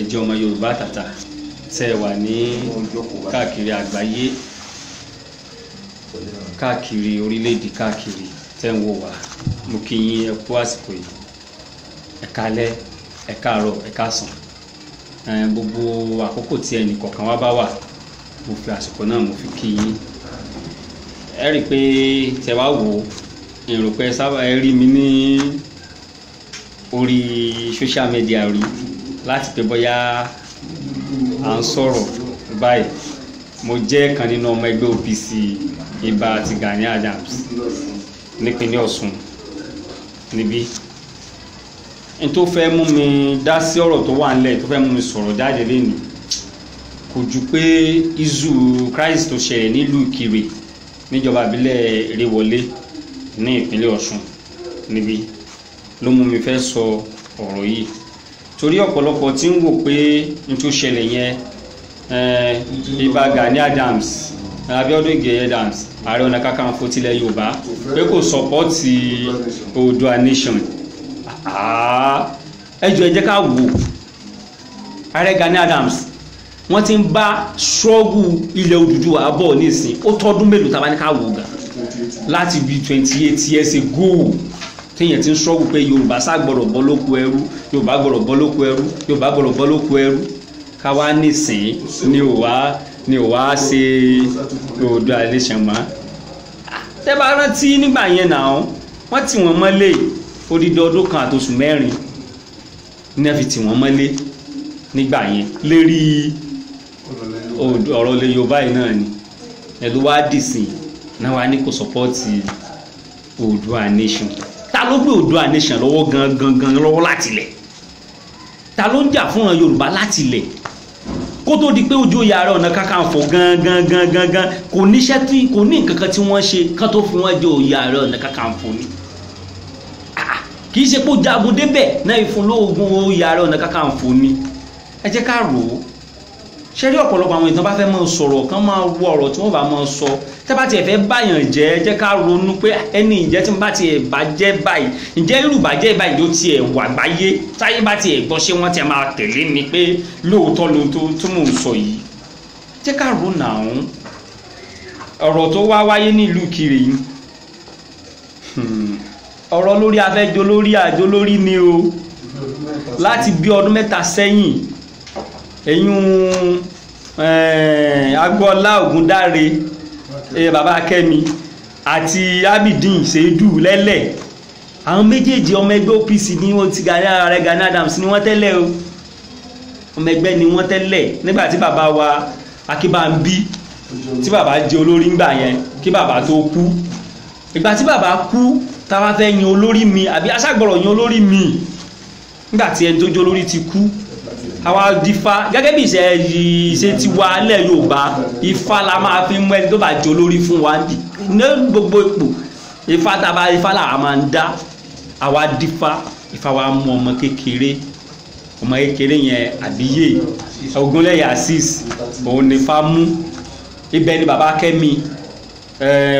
ẹjọ́ ọmọ Yorùbá tàtà tẹ́ ẹ wà ní káàkiri àgbáyé káàkiri orílẹ̀-èdè káàkiri tẹ́ ń wò wá mo kí yín ẹ kú àsìkò yìí ẹ kálẹ́ ẹ káàárọ̀ ẹ káàsán gbogbo àkókò tí ẹnì kọ̀ọ̀kan wá bá wà mo fi àsìkò náà mo fi kí yín ẹ rí i pé tẹ́ bá wò ó èrò pé ẹ rí mi ní orí social media rí láti pé bóyá à ń sọ̀rọ̀ báyìí mo jẹ́ kan nínú ọmọ ẹgbẹ́ OPC Ìbà àti Gani Adams nípínlẹ̀ Ọ̀ṣun níbí n tó fẹ́ mú mi dá sí ọ̀rọ̀ tó wà nílẹ̀ tó fẹ́ mú mi sọ̀rọ̀ jáde lénìí kò ju pé izu Christ tó ṣẹlẹ̀ nílùú Ìkirè níjọba ìbílẹ̀ Eréwọlé ní ìpínlẹ̀ Ọ̀ṣun níbí ló mú mi fẹ́ sọ ọ̀rọ̀ yìí torí ọ̀pọ̀lọpọ̀ tí ń wò pé n tó ṣẹlẹ̀ yẹn eh, Ìbà Gani Adams Abíọ́dún Ìgè Adams Ààrẹ Ọ̀nà Kakanfò tilẹ̀ Yorùbá pé kò sọpọ́ọ̀tì Oòduà nation ẹjọ́ ẹ jẹ́ ká wò Ààrẹ Gani Adams wọ́n ti ń bá ṣọ́ọ̀gù ilẹ̀ Odùduwà bọ̀ nísìn ó tọ́dún mélòó tá a bá ní ká wò gan láti bíi twenty eight years ago téèyàn ti ń ṣọ́ọ̀gù pé Yorùbá sá gbọ́dọ̀ bọ́ lóko ẹrú Yorùbá gbọ́dọ̀ bọ́ lóko ẹrú Yorùbá gbọ́dọ̀ bọ́ lóko ẹrú káwá nísìn ni ò wá ni ò wá ṣe odò àlejò mọ́ tẹ́ bá rántí nígbà yẹn náà wọ́n tì wọ́n mọ́lé odidi ọdún kan àtòsù mẹ́rin ní ẹ fi tì wọ́n mọ́lé nígbà yẹn lérí ọ̀rọ̀ ilẹ̀ yorùbá yìí náà ni ẹ ló wá dìsìn náà wá ní kò sọpọ́ọ̀tì oòdùà nation ta ló gbé oòdùà nation lọ́wọ́ gangan gangan lọ́wọ́ láti ilẹ̀ ta ló ń jà fún àwọn yorùbá láti ilẹ̀ kó tó di pé ojú ìyá rẹ̀ ọ̀nà kakanfò gangan gangan gan kò níṣẹ́ tí kò ní nǹkan kan tí wọ́n ṣe kán tó fi wọ́n jẹ́ ìyá rẹ̀ ọ̀nà kakanfò ni ah, kì í ṣe pé jagun débẹ̀ náà ìfúnlógún ìyá rẹ̀ ọ̀nà kakanfò ni ẹ jẹ́ ká rò ó ṣe rí ọ̀pọ̀lọpọ̀ àwọn ìtàn bá fẹ́ máa sọ̀rọ̀ kan máa wọ ọ̀rọ̀ tí wọ́n bá máa sọ tẹ́ bá tiẹ̀ fẹ́ báyàn jẹ́ jẹ́ ká ronú pé ẹni ìjẹ́ tí mo bá tiẹ̀ bàjẹ́ báyìí ǹjẹ́ irú bàjẹ́ báyìí ló tiẹ̀ wà gbáyé táyé bá tiẹ̀ gbọ́ ṣé wọ́n tiẹ̀ máa tẹ̀lé mi pé lóòótọ́ ló tó tí mò ń sọ yìí jẹ́ ká ronú àwọn ọ̀rọ̀ tó wá wáyé nílùú kiri hmm. ọ̀rọ̀ lórí afẹ́jọ lórí àjọ lórí ni o láti bí ọdún mẹ́ta sẹ́yìn ẹ̀yún eh, agboola ògúndáre eh, bàbá kẹ́mi àti abidin ṣèdú lẹ́lẹ̀ àwọn méjèèjì ọmọ ẹgbẹ́ OPC ni wọ́n ti Gani ààrẹ Gani Adams ni wọ́n tẹ́lẹ̀ o ọmọ ẹgbẹ́ ni wọ́n tẹ́lẹ̀ nígbà tí wa akínbáńbí tí bàbá jẹ́ olórí ńgbà yẹn kí baba tó kú ìgbà baba bàbá kú táwa fẹ́ yan olórí mi àbí aṣàgbọ̀rọ̀ yan olórí mi nígbà tí ẹni tó jẹ́ olórí ti kú àwa dífá gẹ́gẹ́ bí ìṣe ìṣe ti wà lẹ̀ yorùbá ifá la máa fi mú ẹni tó bá jẹ olórí fún wa ní gbogbo ipò ifá taba ifá làwa máa ń dá àwa dífá ifá wa mú ọmọ kékeré ọmọ kékeré yẹn àbíyè ogunlẹ̀yà six òun ní ifá mú ibẹ̀ ni baba kẹ́mi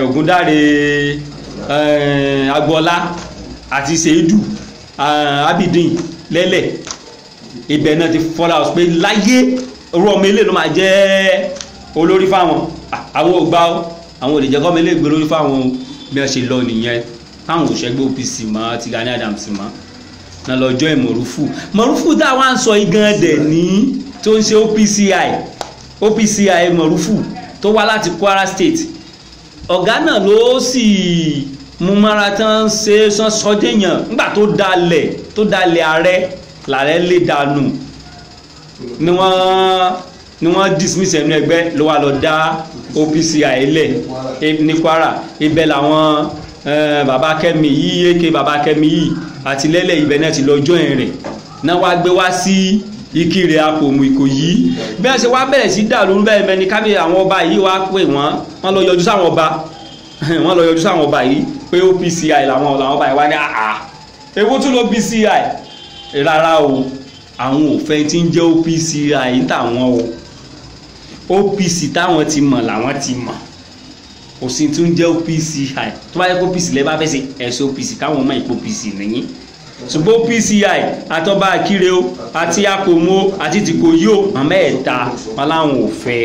ògúndáre agbọ́lá àti ṣèédú abidin lẹ́lẹ̀ ibẹ̀ náà ti fọ́lá ọ̀sùn pé láyé orú ọmọ ilé ló máa jẹ́ olórí fáwọn àwọn ògbà ó àwọn òdìjẹ́ kọ́ ọmọ ilé ìgbé olórí fáwọn bí wọ́n ṣe lọ nìyẹn táwọn òṣègbè OPC mọ́ ti Gani Adams mọ́ náà lọ́jọ́ ìmọ̀rúfù mọ̀rúfù tá a wá ń sọ igan dẹ̀ ní tó ń ṣe OPCI OPCI mọ̀rúfù tó wá láti Kwara State ọ̀gá náà ló sì mú mara tán ṣe sọ́dẹ̀yàn nígbà tó dalẹ̀ tó dalẹ̀ ààrẹ làrẹ lè dànù ni wọ́n ni wọ́n dismiss ẹnu ẹgbẹ́ ló wà lọ dá OPCI lẹ̀ e, ní Kwara ibẹ̀ làwọn bàbá Kẹ́mi yìí èké bàbá Kẹ́mi yìí àti lẹ́lẹ̀ ibẹ̀ náà ti lọ join rẹ̀ náà wá gbé wá sí Ìkirè Apòmù Ìkòyí bí wọ́n ṣe wá bẹ̀rẹ̀ sí dà lórí bẹ́ẹ̀ mẹ́ni kábí àwọn ọba yìí wá pè wọ́n wọ́n lọ yọjú sáwọn ọba wọ́n lọ yọjú sáwọn ọba yìí pé OPCI làwọn ọba yìí wá ní àhà èwo tún lọ OPCI rárá o àwọn òfin tí ń jẹ́ OPC àyè táwọn o OPC táwọn ti mọ̀ làwọn ti mọ̀ kò sí tún jẹ́ OPC àyè tó bá yẹ kó OPC lẹ́ẹ̀ bá fẹ́ ṣe ẹ̀sọ́ OPC káwọn ọmọ ìpò OPC nìyí ṣùgbọ́n PCI àtọ́ba akíre o àti akòmo àti tìkòyí o àmẹ́ẹ̀ta wọn láwọn ò fẹ́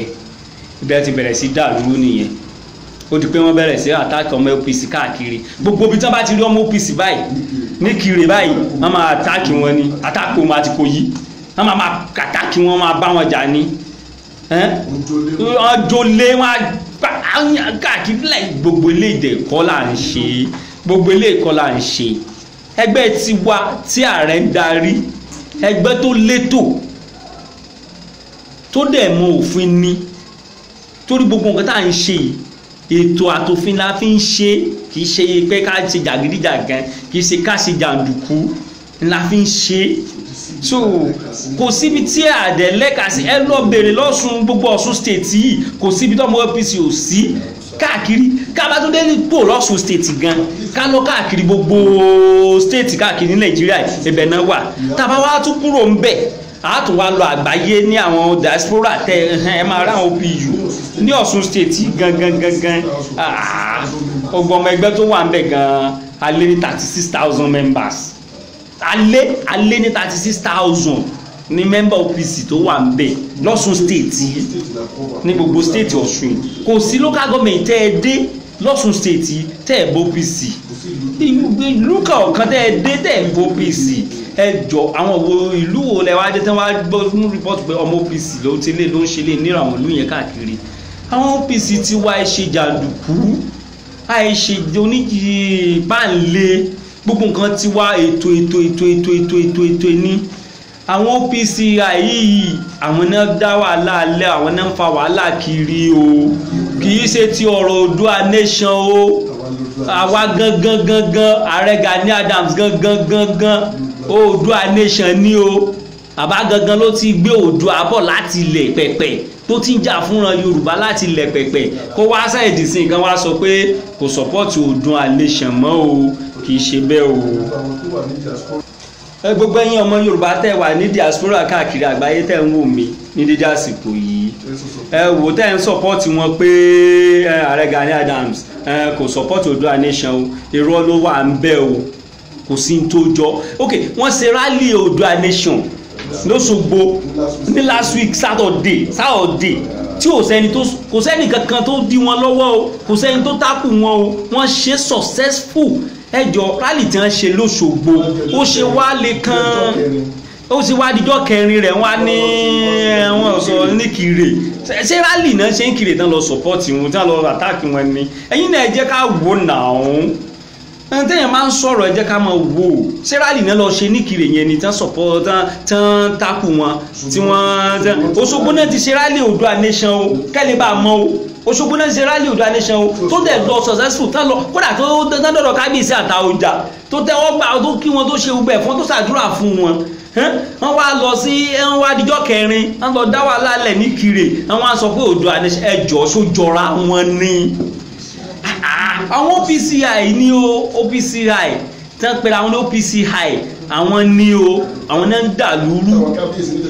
ibẹ̀ ti bẹ̀rẹ̀ sí dàrú nìyẹn ó di pé wọ́n bẹ̀rẹ̀ sí àtàkì ọmọ OPC káàkiri gbogbo ibi tí wọ́n bá ti rí ọmọ OPC báyìí ní kiri báyìí wọ́n máa àtàkì wọn ni àtàkì wọn àti kò yí wọ́n máa àtàkì wọn máa bá wọn jà ni ọjọ́lé wọn káàkiri láì gbogbo ilé ìdẹ̀kọ́ là ń ṣe gbogbo ilé ìkọ́ là ń ṣe ẹgbẹ́ tiwa tí ààrẹ ń darí ẹgbẹ́ tó létò tó dẹ̀ mọ òfin ni torí gbogbo nǹkan tá à ń ṣe yìí ètò àtòfin la fi ń ṣe kì í ṣe pé ká ṣe jàgídíjàgan kì í ṣe ká ṣe jàǹdùkú la fi ń ṣe so kò síbi tí àdẹ lẹ́ka sí ẹ lọ bèrè lọ́sùn gbogbo Ọ̀ṣun state yìí kò síbi tọ́mọ APC ò sí káàkiri kábàtúndé pò lọ́sùn state gan ká lọ káàkiri gbogbo state káàkiri ní Nàìjíríà ibẹ̀ náà wà tàbá wa tún kúrò ń bẹ̀ a tún wá lọ àgbáyé ní àwọn diaspora tẹ ẹ máa rá àwọn opu ní Ọ̀ṣun state gangan gangan ọgbọ̀n ah, ọmọ ẹgbẹ́ tó wà ń bẹ̀ gan-an a lé ní thirty six thousand members a lé a lé ní thirty six thousand ní mẹ́mbà OPC tó wà ń bẹ̀ lọ́sùn state ní gbogbo state Ọ̀ṣun kò sí local government tẹ́ ẹ dé lọ́sùn state tẹ́ ẹ bọ́ OPC ìlú kọ̀ọ̀kan tẹ́ ẹ dé tẹ́ ẹ bọ́ OPC ẹ jọ àwọn wo ìlú wo lẹ wá dé tán wá gbọ́ fún rìpọ́tù pé ọmọ OPC ló ti lé ló ń ṣe lé níra àwọn ìlú yẹn káàkiri àwọn OPC ti wá ṣe jàǹdùkú àìṣe oníjì páńlé gbogbo nǹkan ti wá ètò ètò ètò ètò ètò ètò ètò ní àwọn OPC yìí àwọn náà dá wàhálà alẹ́ àwọn náà ń fa wàhálà kiri o kì í ṣe ti ọ̀rọ̀ Oòduà nation o àwa gangan gangan ààrẹ Gani Adams gangan gangan oòdùà nation ni o bàbá gangan ló ti gbé oòdùà bọ̀ láti ilẹ̀ pẹ̀pẹ̀ tó ti ń jà fúnra yorùbá láti ilẹ̀ pẹ̀pẹ̀ kó wá sáyẹ̀dì sí nǹkan wá sọ pé kò sọ́pọ́tì oòdùà nation mọ́ o kì í ṣe bẹ́ẹ̀ o gbogbo ẹ̀yin ọmọ yorùbá tẹ́ wà ní diaspora káàkiri àgbáyé tẹ́ ń wò mí ní dídí àsìkò yìí ẹ wò tẹ́ ń sọpọ́tì wọn pé ààrẹ Gani Adams kò sọpọ́tì Oòduà nation o irọ́ ló wà ń bẹ o kò sí ní tó jọ ok wọ́n ṣe rally Oòduà nation lọ́sọ̀gbọ̀ ní last week Saturday Saturday tí ò sẹ́ni tó kò sẹ́ni kankan tó dí wọn lọ́wọ́ o kò sẹ́ni tó tákù wọn o wọ́n ṣe successful ẹjọ́ rally tí wọ́n ṣe lọ́sọ̀gbọ̀ ó ṣe wá le kan ó sì wá díjọ́ kẹrin rẹ̀ wá ní ẹ̀wọ̀n sọ ní kiri ṣé rally náà ṣe ń kiri tán lọ support wọn tán lọ attack wọn ni ẹ̀yin náà ẹ jẹ́ ká wò náà ẹni tẹ́yàn máa ń sọ̀rọ̀ ẹ jẹ́ ká máa wò ó sẹ́rálì náà lọ ṣe níkiri yẹn ni tán sọ̀pọ̀ tán tán takù wọn tí wọ́n tán Òṣogbo náà ti sẹ́rálì Oòduà nation o kẹ́lẹ́ bá a mọ́ o Òṣogbo náà ti sẹ́rálì Oòduà nation o tó tẹ̀ lọ successful tán lọ kódà tó tán dọ̀dọ̀ kábíyèsí àta ọjà tó tẹ wọ́n gbà tó kí wọn tó ṣe gbẹ fún tó ṣàdúrà fún wọn wọ́n wá lọ sí wọ́n wá kẹrin wọ́n lọ dá wàhálà lẹ̀ níkiri wọ́n wá sọ pé Oòduà nation àwọn opci ní o opci tán pera àwọn opci àwọn ní o àwọn náà ń dà lúrú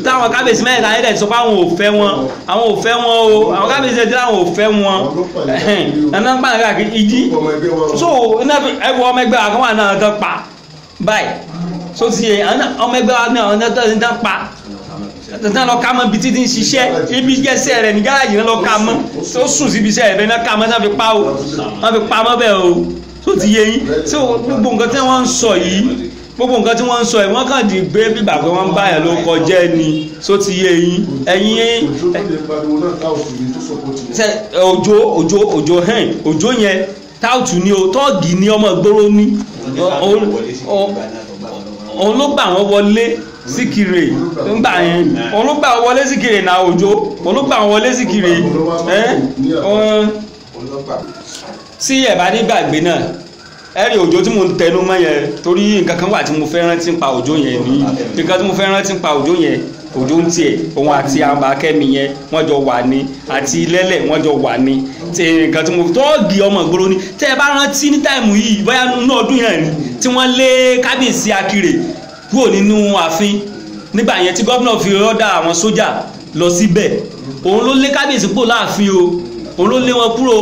táwọn kábíyèsí mẹ́rin láyé dẹ̀ sọ pé àwọn ò fẹ́ wọn àwọn ò fẹ́ wọn o àwọn kábíyèsí dẹ̀ àwọn ò fẹ́ wọn nana gbà nígbà kí ìdí so ẹwọ ọmọ ẹgbẹ́ àwọn àwọn náà tán pa báyìí so ti ọmọ ẹgbẹ́ àwọn náà tán pa náà lọ ká mọ́ ibi títí ń ṣiṣẹ́ ibi iṣẹ́ rẹ̀ ní gáràjì náà lọ ká mọ́ tó sùn síbi iṣẹ́ rẹ̀ bẹ́ẹ̀ náà ká mọ́ náà fi pa o náà fi pa mọ́ bẹ́ẹ̀ o tó ti yé yín tó gbogbo nǹkan tí wọ́n ń sọ yìí gbogbo nǹkan tí wọ́n ń sọ yìí wọ́n kàn di gbé bíbà pé wọ́n ń bá yẹn ló kọjá ẹni tó ti yé yín ẹ̀yin òjò òjò òjò hẹ́n òjò yẹn táùtù ni o tọ́ọ̀gì ni ọmọ ìgboro ni òun ló gbà wọ́n wọlé síkìrè ńgbà yẹn olùgbà wọlé na náà òjò olùgbà wọlé síkìrè sí ẹ̀bá nígbàgbé náà ẹ̀rí òjò tí mo ń tẹnu mọ́ yẹn torí nǹkan kan wà mo fẹ́ rántí pa òjò yẹn ní nǹkan tí mo fẹ́ rántí pa òjò yẹn òjò ń tiẹ̀ òun àti àbákẹ́mi yẹn wọ́n jọ wà ní àti lẹ́lẹ̀ wọ́n jọ wà ní tí nǹkan tí mo tọ́ọ̀gì ọmọ ìgboro ni tẹ́ ẹ bá rántí ní táìmù yìí bóyá nínú ọdún yẹn ni tí wọ́n lé kábíyèsí akire kúrò nínú ààfin nígbà yẹn tí gómìnà fi rọ́dà àwọn sójà lọ síbẹ̀ òun ló lé kábíyèsí kúrò láàfin o òun ló lé wọn kúrò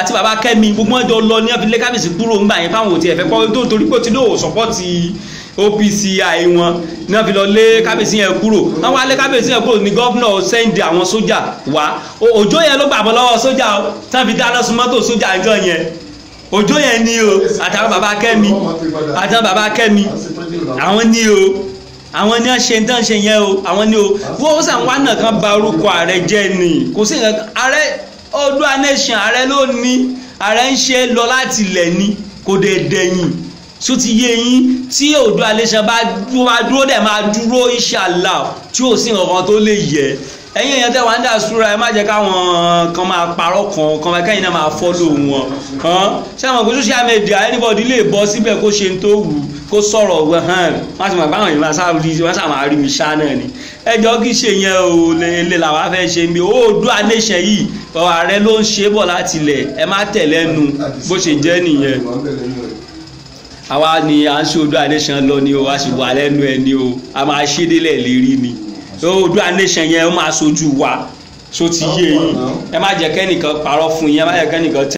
àti bàbá kẹ́mi gbogbo ọjọ́ lọ ní ọ̀fi lé kábíyèsí kúrò nígbà yẹn fáwọn òtí ẹ̀fẹ́ pọ́ torí pé ó ti lóò sọ́pọ́tì opci wọn ní wọn fi lọ lé kábíyèsí yẹn kúrò wọn wá lé kábíyèsí yẹn kúrò ní gọ́fúnà sẹ́ńdì àwọn sójà wá òjò yẹn ló gbàgbọ́ lọ́wọ́ sójà tí wọn fi dáná sun mọ́tò sójà ìjọ yẹn òjò yẹn ni o àtàwọn bàbá kẹ́mi àtàwọn bàbá kẹ́mi àwọn ní o àwọn ní ṣe ń tán ṣe yẹn o àwọn ní o wọ́n sàn wá náà kan ba orúkọ ààrẹ jẹ́ ni kò sí nǹkan ààrẹ Oòduà nation ààrẹ ló ní ààrẹ ń ṣe lọ láti ilẹ̀ ni kò dẹ̀ dẹ̀yìn tó ti yé yín tí Oòduà nation bá dúró dẹ̀ máa dúró inshallah tí ò sí nǹkan tó lè yẹ ẹ̀yin èèyàn tẹ́ wà ń dà súra ẹ má jẹ́ káwọn kan máa parọ́ kan kan máa kẹ́yìn náà máa fọ́lò wọn ṣé àwọn kò social media anybody lè bọ́ síbẹ̀ kó ṣe ń tó wù ú kó sọ̀rọ̀ ọ̀gbẹ́ hàn wọ́n sì mọ̀ pé àwọn ìlú asáwùdí wọ́n sàmà rí mi ṣá náà ni ẹjọ́ kì í ṣe yẹn o lè làwọn afẹ́ ṣe mi Oòduà nation yìí ọ̀rọ̀ ààrẹ ló ń ṣe bọ̀ láti ilẹ̀ ẹ má tẹ̀lé nu bó ṣe jẹ́ nìyẹn àwa ni à ń ṣe Oòduà nation lọ ni o a sì wà lẹ́nu ẹ ni o a máa ṣe délẹ̀ lérí ni Oòduà nation yẹn ó máa sojú wa so ti yé yín ẹ má jẹ́ kẹ́nìkan parọ́ fún yín ẹ má jẹ́ kẹ́nìkan